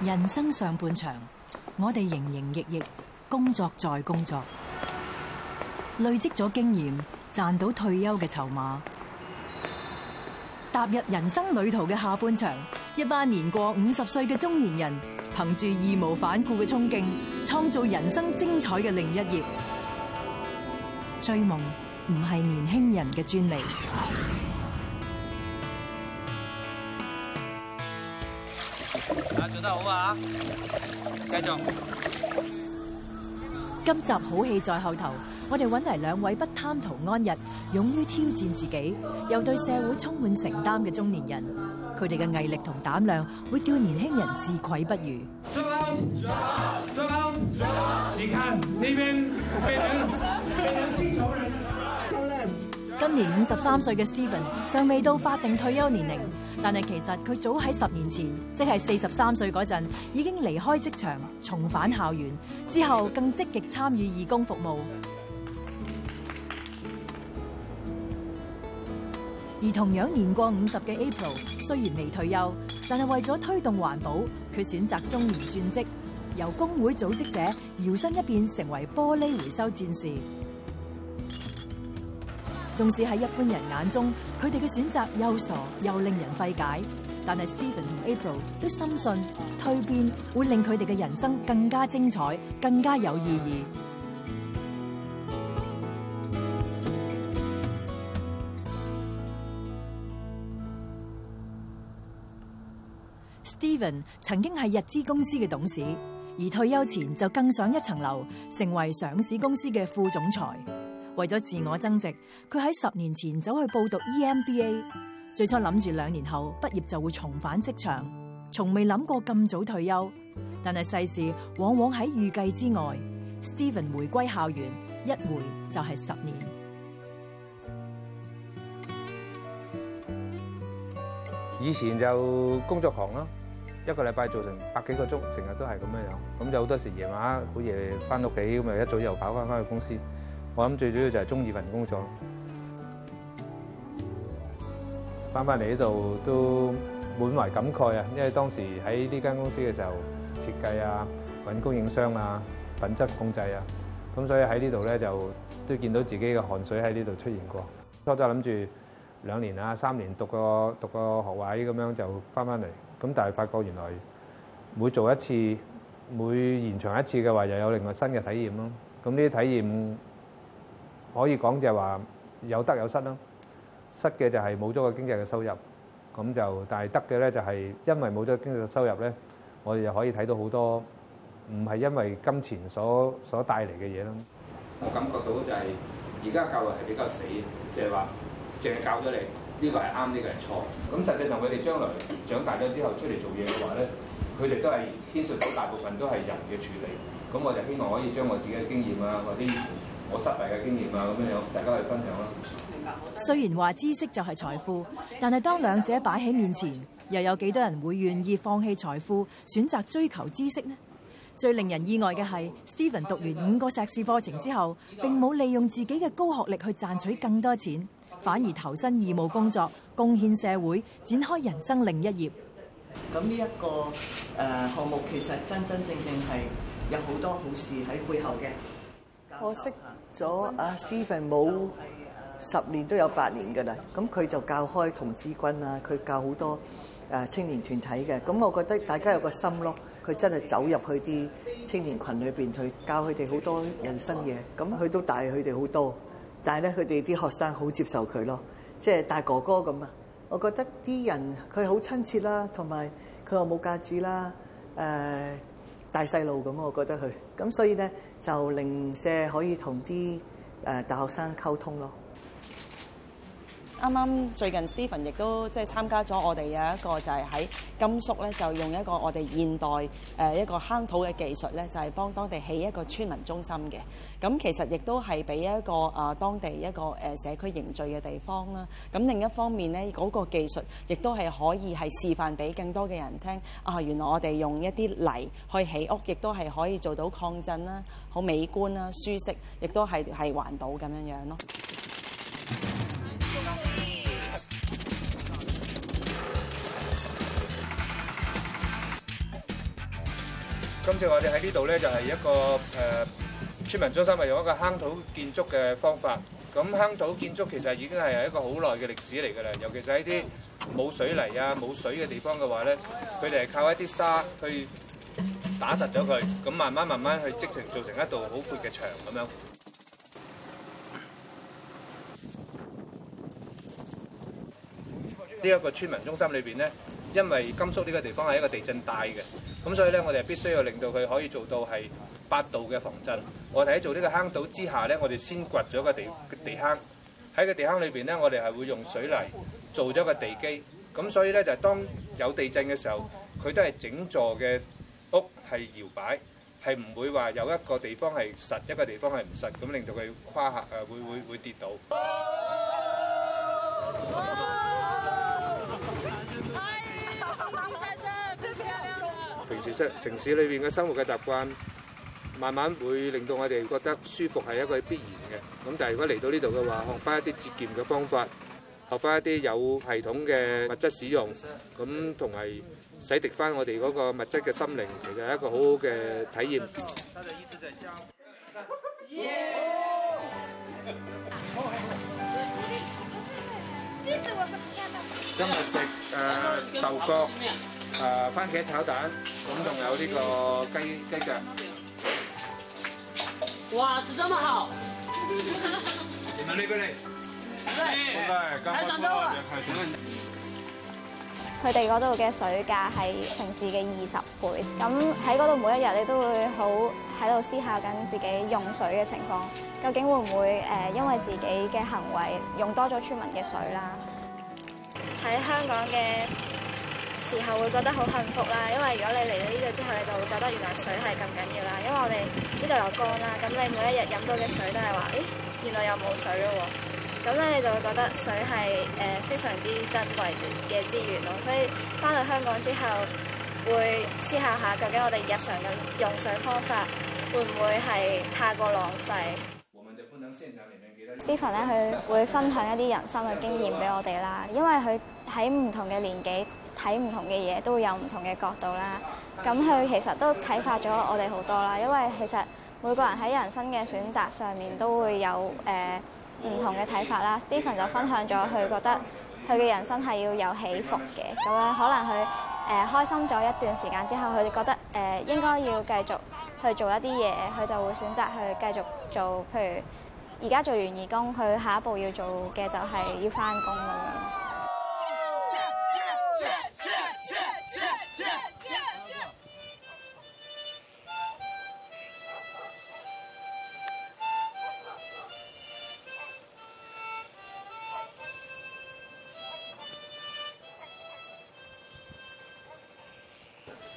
人生上半場，我哋營營役役，工作再工作，累積咗經驗，賺到退休嘅籌碼。踏入人生旅途嘅下半場，一班年過五十歲嘅中年人，憑住義無反顧嘅衝勁，創造人生精彩嘅另一頁。追夢唔係年輕人嘅專利。做得好啊！繼續。今集好戲在後頭，我哋搵嚟兩位不貪圖安逸、勇於挑戰自己，又對社會充滿承擔嘅中年人，佢哋嘅毅力同膽量會叫年輕人自愧不如。你看那邊，被人，被人。今年五十三歲嘅 Steven 尚未到法定退休年齡，但係其實佢早喺十年前，即係四十三歲嗰陣已經離開職場，重返校園，之後更積極參與義工服務。而同樣年過五十嘅 April 雖然未退休，但係為咗推動環保，佢選擇中年轉職，由工會組織者搖身一變成為玻璃回收戰士。縱使喺一般人眼中，佢哋嘅選擇又傻又令人費解，但係 Steven 同 April 都深信蛻變會令佢哋嘅人生更加精彩，更加有意義。Steven 曾經係日資公司嘅董事，而退休前就更上一層樓，成為上市公司嘅副總裁。為咗自我增值，佢喺十年前走去報讀 EMBA，最初諗住兩年後畢業就會重返職場，從未諗過咁早退休。但係世事往往喺預計之外。嗯，Steven 回歸校園一回就係十年。以前就工作狂咯，一個禮拜做成百幾個鐘，成日都係咁樣樣。咁就好多時夜晚好夜翻屋企，咁咪一早又跑翻翻去公司。我諗最主要就係中意份工作，翻翻嚟呢度都滿懷感慨啊！因為當時喺呢間公司嘅時候設計啊、揾供應商啊、品質控制啊，咁所以喺呢度咧就都見到自己嘅汗水喺呢度出現過。初初諗住兩年啊、三年讀個讀個學位咁樣就翻翻嚟，咁但係發覺原來每做一次、每延長一次嘅話，又有另外新嘅體驗咯。咁呢啲體驗～可以講就係話有得有失咯，失嘅就係冇咗個經濟嘅收入，咁就但係得嘅咧就係因為冇咗經濟嘅收入咧，我哋就可以睇到好多唔係因為金錢所所帶嚟嘅嘢咯。我感覺到就係而家教育係比較死，即係話淨係教咗你呢個係啱，呢個係錯。咁實際上佢哋將來長大咗之後出嚟做嘢嘅話咧，佢哋都係牽涉到大部分都係人嘅處理。咁我就希望可以將我自己嘅經驗啊或者。我失敗嘅經驗啊，咁樣大家去分享啦。雖然話知識就係財富，但係當兩者擺喺面前，又有幾多人會願意放棄財富，選擇追求知識呢？最令人意外嘅係，嗯嗯，Steven 讀完五個碩、嗯、士課程之後，並冇利用自己嘅高學歷去賺取更多錢，反而投身義務工作，貢獻社會，展開人生另一頁。咁呢一個誒項目其實真真正正係有好多好事喺背後嘅。可惜咗阿 Stephen 冇十年都有八年㗎啦，咁佢就教開童子軍啊，佢教好多誒青年團體嘅，咁我覺得大家有個心咯，佢真係走入去啲青年群裏邊去教佢哋好多人生嘢，咁佢都帶佢哋好多，但係咧佢哋啲學生好接受佢咯，即係大哥哥咁啊，我覺得啲人佢好親切啦，同埋佢又冇架子啦，誒大細路咁我覺得佢，咁所以咧。就零舍可以同啲誒大學生溝通咯。啱啱最近 Stephen 亦都即係參加咗我哋有一個就係喺甘肅咧，就用一個我哋現代誒一個夯土嘅技術咧，就係幫當地起一個村民中心嘅。咁其實亦都係俾一個啊當地一個誒社區凝聚嘅地方啦。咁另一方面咧，嗰個技術亦都係可以係示範俾更多嘅人聽。啊，原來我哋用一啲泥去起屋，亦都係可以做到抗震啦，好美觀啦，舒適，亦都係係環保咁樣樣咯。今次我哋喺呢度咧，就係一個誒村民中心，係用一個夯土建築嘅方法。咁夯土建築其實已經係一個好耐嘅歷史嚟噶啦，尤其是喺啲冇水泥啊、冇水嘅地方嘅話咧，佢哋係靠一啲沙去打實咗佢，咁慢慢慢慢去積情做成一道好闊嘅牆咁樣。呢一個村民中心裏邊咧。因為甘肅呢個地方係一個地震帶嘅，咁所以咧我哋係必須要令到佢可以做到係八度嘅防震。我哋喺做呢個坑道之下咧，我哋先掘咗個地地坑，喺個地坑裏邊咧，我哋係會用水泥做咗個地基。咁所以咧就係當有地震嘅時候，佢都係整座嘅屋係搖擺，係唔會話有一個地方係實，一個地方係唔實，咁令到佢跨下誒會會會跌倒。城市城市裏邊嘅生活嘅習慣，慢慢會令到我哋覺得舒服係一個必然嘅。咁但係如果嚟到呢度嘅話，學返一啲節儉嘅方法，學返一啲有系統嘅物質使用，咁同埋洗滌返我哋嗰個物質嘅心靈，其實係一個好好嘅體驗。今日食誒豆角。誒番茄炒蛋，咁仲有呢個雞雞腳。哇，食得咁好！嚟嚟嚟！拜拜！佢哋嗰度嘅水價係城市嘅二十倍。咁喺嗰度每一日你都會好喺度思考緊自己用水嘅情況，究竟會唔會誒因為自己嘅行為用多咗村民嘅水啦？喺香港嘅時候會覺得好幸福啦，因為如果你嚟到呢度之後，你就會覺得原來水係咁緊要啦。因為我哋呢度有乾啦，咁你每一日飲到嘅水都係話，咦，原來又冇水咯喎。咁咧，你就會覺得水係誒、呃、非常之珍貴嘅資源咯。所以翻到香港之後，會思考下究竟我哋日常嘅用水方法會唔會係太過浪費。我哋就分享，呢份咧，佢會分享一啲人生嘅經驗俾我哋啦，因為佢喺唔同嘅年紀。睇唔同嘅嘢都會有唔同嘅角度啦，咁佢其實都啟發咗我哋好多啦。因為其實每個人喺人生嘅選擇上面都會有誒唔、呃、同嘅睇法啦、嗯。Stephen 就分享咗佢覺得佢嘅人生係要有起伏嘅，咁樣可能佢誒、呃、開心咗一段時間之後，佢哋覺得誒、呃、應該要繼續去做一啲嘢，佢就會選擇去繼續做，譬如而家做完義工，佢下一步要做嘅就係要翻工咁樣。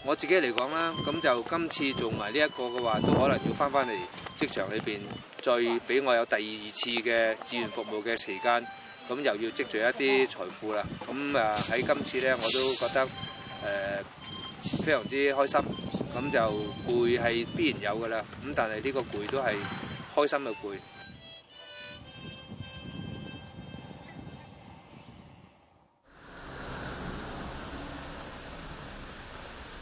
我自己嚟講啦，咁就今次做埋呢一個嘅話，都可能要翻返嚟職場裏邊，再俾我有第二次嘅志願服務嘅時間，咁又要積聚一啲財富啦。咁啊喺今次咧，我都覺得誒、呃、非常之開心。咁就攰係必然有㗎啦。咁但係呢個攰都係開心嘅攰。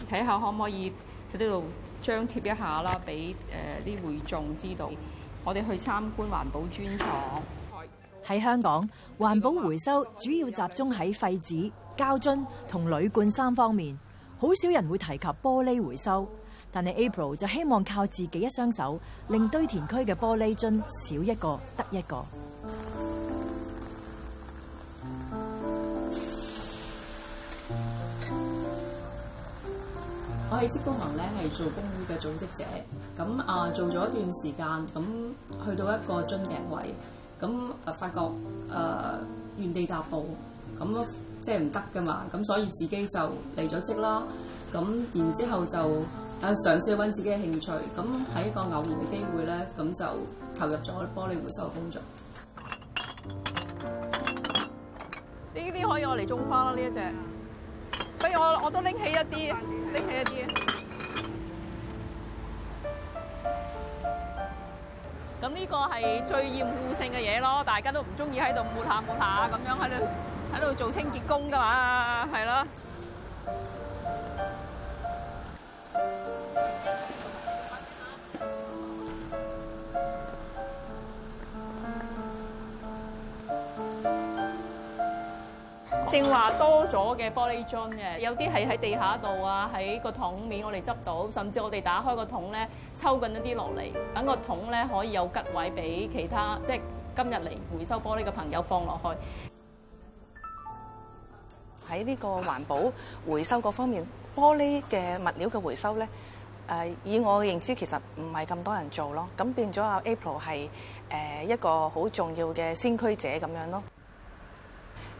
睇下可唔可以喺呢度張貼一下啦，俾誒啲會眾知道。我哋去參觀環保專廠。喺香港，環保回收主要集中喺廢紙、膠樽同鋁罐三方面，好少人會提及玻璃回收。但係 April 就希望靠自己一雙手，令堆填區嘅玻璃樽少一個得一個。喺職工行咧係做公寓嘅組織者，咁啊做咗一段時間，咁去到一個樽頸位，咁啊發覺誒、啊、原地踏步，咁即係唔得噶嘛，咁所以自己就離咗職啦，咁然之後就嘗試揾自己嘅興趣，咁喺一個偶然嘅機會咧，咁就投入咗玻璃回收工作。呢啲可以我嚟種花啦，呢一隻。所以我我都拎起一啲，拎起一啲。咁呢個係最厭惡性嘅嘢咯，大家都唔中意喺度抹下抹下咁樣喺度喺度做清潔工㗎嘛，係咯。正話多咗嘅玻璃樽嘅，有啲係喺地下度啊，喺個桶面我哋執到，甚至我哋打開個桶咧，抽緊一啲落嚟，等個桶咧可以有吉位俾其他，即係今日嚟回收玻璃嘅朋友放落去。喺呢個環保回收各方面，玻璃嘅物料嘅回收咧，誒以我嘅認知其實唔係咁多人做咯，咁變咗阿 Apple 係一個好重要嘅先驅者咁樣咯。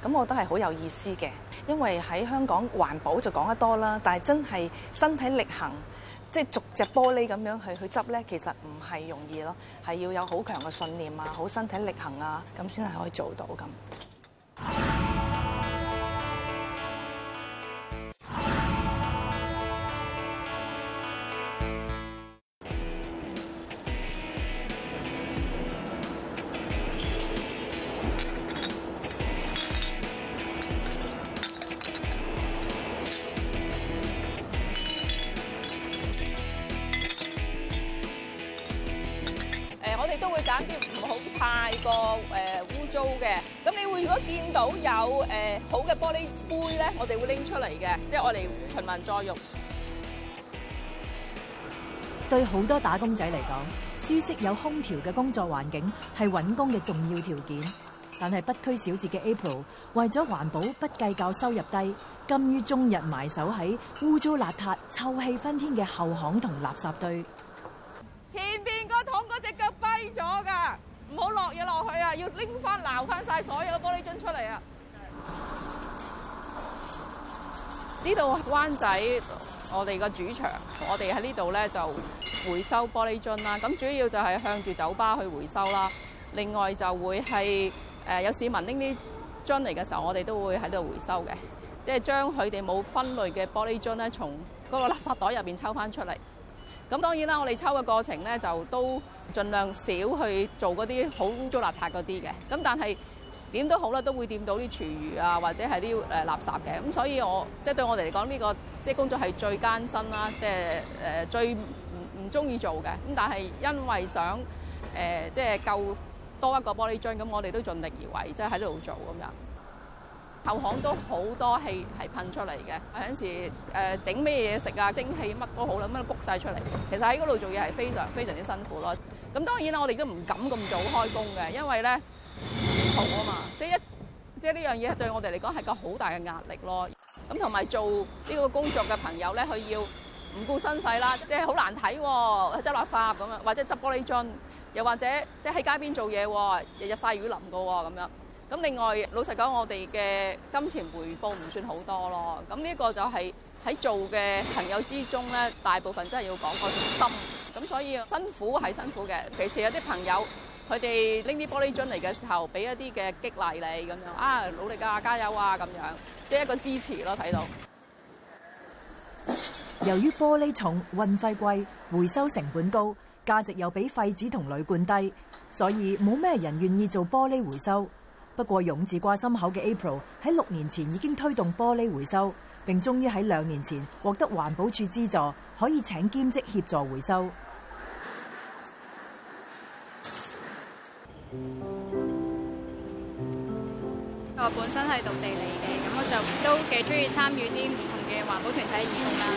咁我覺得係好有意思嘅，因為喺香港環保就講得多啦，但係真係身體力行，即係逐隻玻璃咁樣去去執呢，其實唔係容易咯，係要有好強嘅信念啊，好身體力行啊，咁先係可以做到咁。嚟嘅，即係我哋循環再用。對好多打工仔嚟講，舒適有空調嘅工作環境係揾工嘅重要條件。但係不拘小節嘅 April 為咗環保，不計較收入低，甘於終日埋首喺污糟邋遢、臭氣熏天嘅後巷同垃圾堆。前邊個桶嗰隻腳跛咗噶，唔好落嘢落去啊！要拎翻撈翻曬所有玻璃樽出嚟啊！呢度灣仔，我哋個主場，我哋喺呢度咧就回收玻璃樽啦。咁主要就係向住酒吧去回收啦。另外就會係誒有市民拎啲樽嚟嘅時候，我哋都會喺度回收嘅，即係將佢哋冇分類嘅玻璃樽咧，從嗰個垃圾袋入邊抽翻出嚟。咁當然啦，我哋抽嘅過程咧，就都盡量少去做嗰啲好污糟邋遢嗰啲嘅。咁但係。點都好啦，都會掂到啲廚餘啊，或者係啲誒垃圾嘅。咁所以我即係對我哋嚟講，呢個即係工作係最艱辛啦，即係最唔唔中意做嘅。咁但係因為想誒即係夠多一個玻璃樽，咁我哋都盡力而為，即係喺呢度做咁樣。後巷都好多氣係噴出嚟嘅，有時誒整咩嘢食啊，蒸汽乜都好啦，乜都焗晒出嚟。其實喺嗰度做嘢係非常非常之辛苦咯。咁當然啦，我哋都唔敢咁早開工嘅，因為咧。啊、就、嘛、是，即係一即係呢樣嘢，對我哋嚟講係個好大嘅壓力咯。咁同埋做呢個工作嘅朋友咧，佢要唔顧身世啦，即係好難睇，哦，執垃圾咁樣，或者執玻璃樽，又或者即係喺街邊做嘢喎，日日曬雨淋噶喎咁樣。咁另外，老實講，我哋嘅金錢回報唔算好多咯。咁呢個就係喺做嘅朋友之中咧，大部分真係要講個心。咁所以辛苦係辛苦嘅，其是有啲朋友。佢哋拎啲玻璃樽嚟嘅時候，俾一啲嘅激勵你咁樣，啊，努力㗎，加油啊咁樣，即係一個支持咯。睇到由於玻璃重、運費貴、回收成本高、價值又比廢紙同鋁罐低，所以冇咩人願意做玻璃回收。不過，勇字掛心口嘅 April 喺六年前已經推動玻璃回收，並終於喺兩年前獲得環保署資助，可以請兼職協助回收。我本身係讀地理嘅，咁我就都幾中意參與啲唔同嘅環保團體活動啦。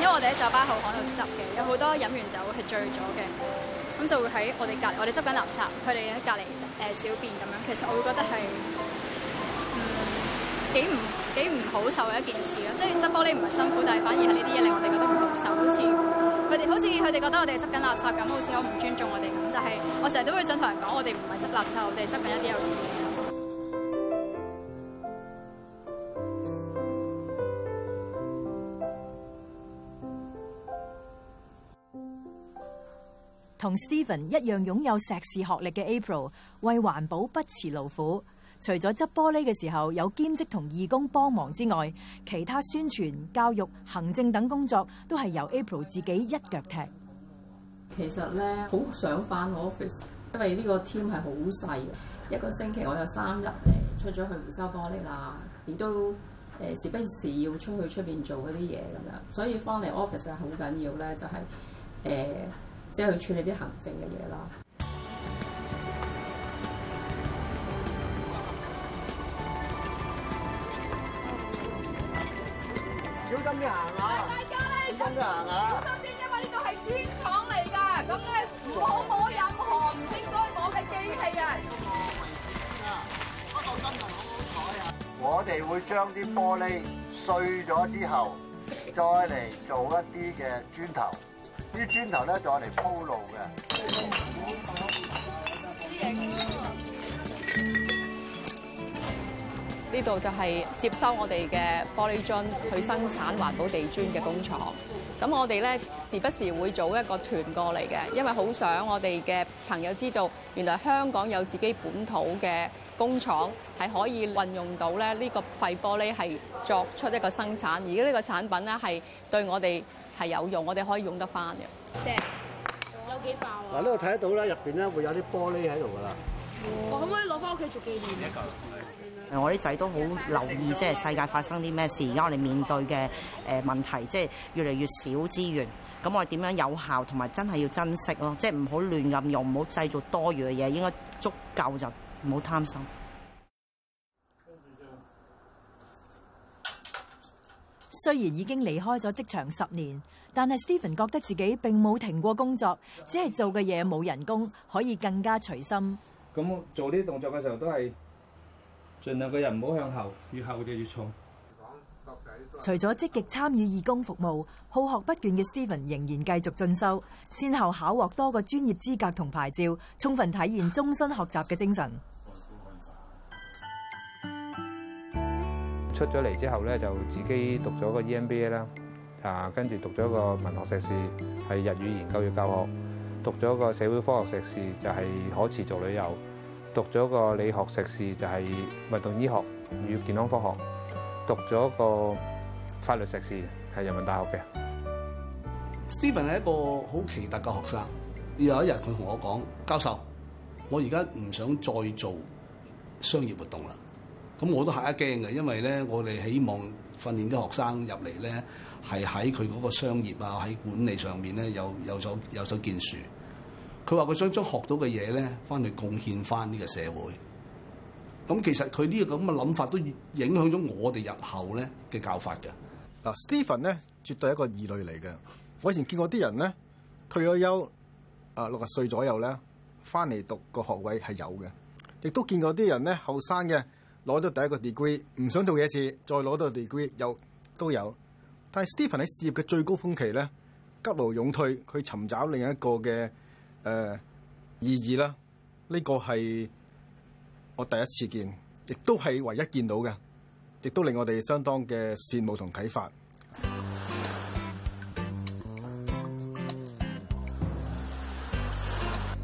因為我哋喺酒吧後巷度執嘅，有好多飲完酒係醉咗嘅，咁就會喺我哋隔籬我哋執緊垃圾，佢哋喺隔籬誒、呃、小便咁樣。其實我會覺得係幾唔幾唔好受嘅一件事咯。即係執玻璃唔係辛苦，但係反而係呢啲嘢令我哋覺得唔好受，好似。好似佢哋覺得我哋執緊垃圾咁，好似好唔尊重我哋咁。但係我成日都會想同人講，我哋唔係執垃圾，我哋執緊一啲有用嘅嘢。同 Stephen 一樣擁有碩士學歷嘅 April，為環保不辭勞苦。除咗執玻璃嘅時候有兼職同義工幫忙之外，其他宣傳、教育、行政等工作都係由 April 自己一腳踢。其實咧，好想返 office，因為呢個 team 係好細嘅。一個星期我有三日誒出咗去回收玻璃啦，亦都誒、呃、時不時要出去出邊做嗰啲嘢咁樣，所以返嚟 office 係好緊要咧、就係呃，就係誒即係去處理啲行政嘅嘢啦。行下，咁就行下。小心啲，因為呢度係磚廠嚟㗎，咁咧唔好摸任何唔應該摸嘅機器啊！嗰個位置啊，不過真係好好彩啊！我哋會將啲玻璃碎咗之後，再嚟做一啲嘅磚頭，啲磚頭咧再嚟鋪路嘅。呢度就係接收我哋嘅玻璃樽去生產環保地磚嘅工廠。咁我哋咧時不時會組一個團過嚟嘅，因為好想我哋嘅朋友知道，原來香港有自己本土嘅工廠係可以運用到咧呢個廢玻璃係作出一個生產。而家呢個產品咧係對我哋係有用，我哋可以用得翻嘅。有幾爆啊！嗱，呢度睇得到咧，入邊咧會有啲玻璃喺度㗎啦。我可唔可以攞翻屋企做紀念？我啲仔都好留意，即係世界發生啲咩事。而家我哋面對嘅誒問題，即係越嚟越少資源。咁我哋點樣有效同埋真係要珍惜咯？即係唔好亂咁用，唔好製造多餘嘅嘢。應該足夠，就唔好貪心。雖然已經離開咗職場十年，但係 Stephen 覺得自己並冇停過工作，只係做嘅嘢冇人工，可以更加隨心。咁做啲動作嘅時候都係。盡量個人唔好向後，越後就越重。除咗積極參與義工服務，好學不倦嘅 Steven 仍然繼續進修，先後考獲多個專業資格同牌照，充分體現終身學習嘅精神。出咗嚟之後咧，就自己讀咗個 EMBA 啦，啊，跟住讀咗個文學碩士，係日語研究與教學，讀咗個社會科學碩士，就係可持續旅遊。讀咗個理學碩士就係運動醫學與健康科學，讀咗個法律碩士係人民大學嘅。Steven 係一個好奇特嘅學生，有一日佢同我講：教授，我而家唔想再做商業活動啦。咁我都嚇一驚嘅，因為咧我哋希望訓練啲學生入嚟咧，係喺佢嗰個商業啊，喺管理上面咧有有所有所建樹。佢話：佢想將學到嘅嘢咧，翻去貢獻翻呢個社會。咁其實佢呢個咁嘅諗法都影響咗我哋日後咧嘅教法㗎嗱。Stephen 咧絕對係一個異類嚟嘅。我以前見過啲人咧退咗休啊，六十歲左右咧翻嚟讀個學位係有嘅，亦都見過啲人咧後生嘅攞咗第一個 degree 唔想做嘢時再攞到個 degree 有都有。但係 Stephen 喺事業嘅最高峰期咧急流勇退，去尋找另一個嘅。誒、呃，意義啦，呢、這個係我第一次見，亦都係唯一見到嘅，亦都令我哋相當嘅羨慕同啟發。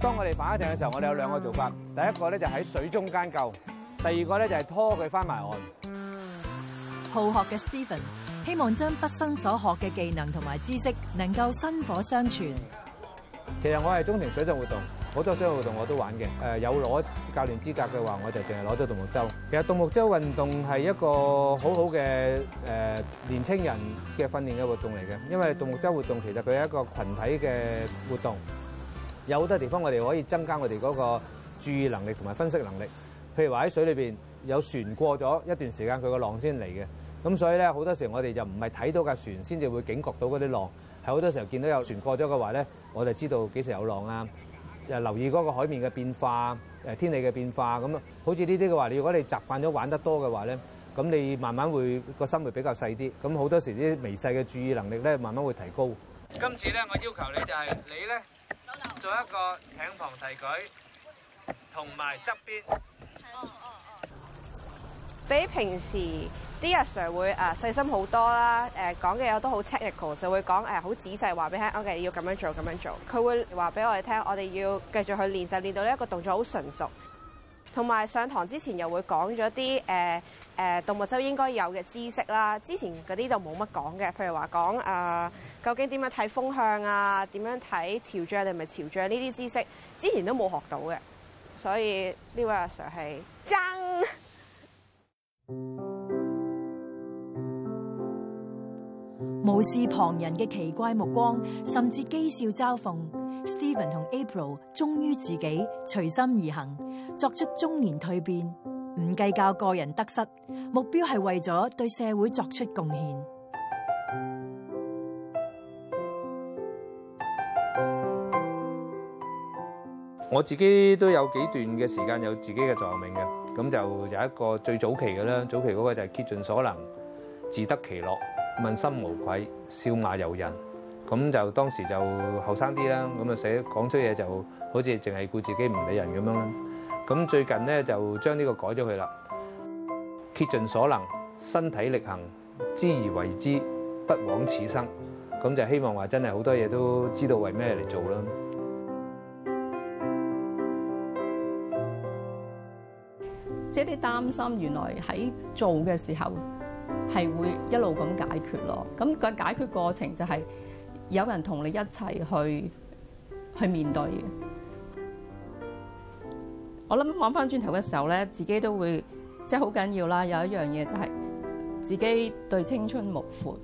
當我哋反艇嘅時候，我哋有兩個做法，嗯、第一個咧就喺水中間救，第二個咧就係拖佢翻埋岸。好學嘅 Steven，希望將畢生所學嘅技能同埋知識能夠薪火相傳。其實我係中庭水上活動，好多水上活動我都玩嘅。誒，有攞教練資格嘅話，我就淨係攞咗獨木舟。其實獨木舟運動係一個好好嘅，誒，年青人嘅訓練嘅活動嚟嘅，因為獨木舟活動其實佢係一個群體嘅活動，有好多地方我哋可以增加我哋嗰個注意能力同埋分析能力。譬如話喺水裏邊有船過咗一段時間，佢個浪先嚟嘅。咁所以咧，好多時我哋就唔係睇到架船先至會警覺到嗰啲浪。係好多時候見到有船過咗嘅話咧，我就知道幾時有浪啦。誒，留意嗰個海面嘅變化，誒天氣嘅變化咁。好似呢啲嘅話，如果你習慣咗玩得多嘅話咧，咁你慢慢會個心會比較細啲。咁好多時啲微細嘅注意能力咧，慢慢會提高。今次咧，我要求你就係你咧做一個艇旁提舉，同埋側邊。比平時啲阿 Sir 會誒細心好多啦，誒講嘅嘢都好 technical，就會講誒好仔細話俾我哋聽，OK，要咁樣做咁樣做。佢會話俾我哋聽，我哋要繼續去練習，就練到呢一個動作好純熟。同埋上堂之前又會講咗啲誒誒動物周應該有嘅知識啦。之前嗰啲就冇乜講嘅，譬如話講誒究竟點樣睇風向啊，點樣睇潮漲定唔係潮漲呢啲知識，之前都冇學到嘅。所以呢位阿 Sir 係。無視旁人嘅奇怪目光，甚至譏笑嘲諷，Steven 同 April 忠於自己隨心而行，作出中年蛻變，唔計較個人得失，目標係為咗對社會作出貢獻。我自己都有幾段嘅時間有自己嘅壯命嘅。咁就有一個最早期嘅啦，早期嗰個就係、是、竭盡所能，自得其樂，問心無愧，笑罵由人。咁就當時就後生啲啦，咁啊寫講出嘢就好似淨係顧自己唔理人咁樣啦。咁最近咧就將呢個改咗佢啦，竭盡所能，身體力行，知而為之，不枉此生。咁就希望話真係好多嘢都知道為咩嚟做啦。即係啲擔心，原來喺做嘅時候係會一路咁解決咯。咁個解決過程就係有人同你一齊去去面對嘅。我諗望翻轉頭嘅時候咧，自己都會即係好緊要啦。有一樣嘢就係自己對青春無悔。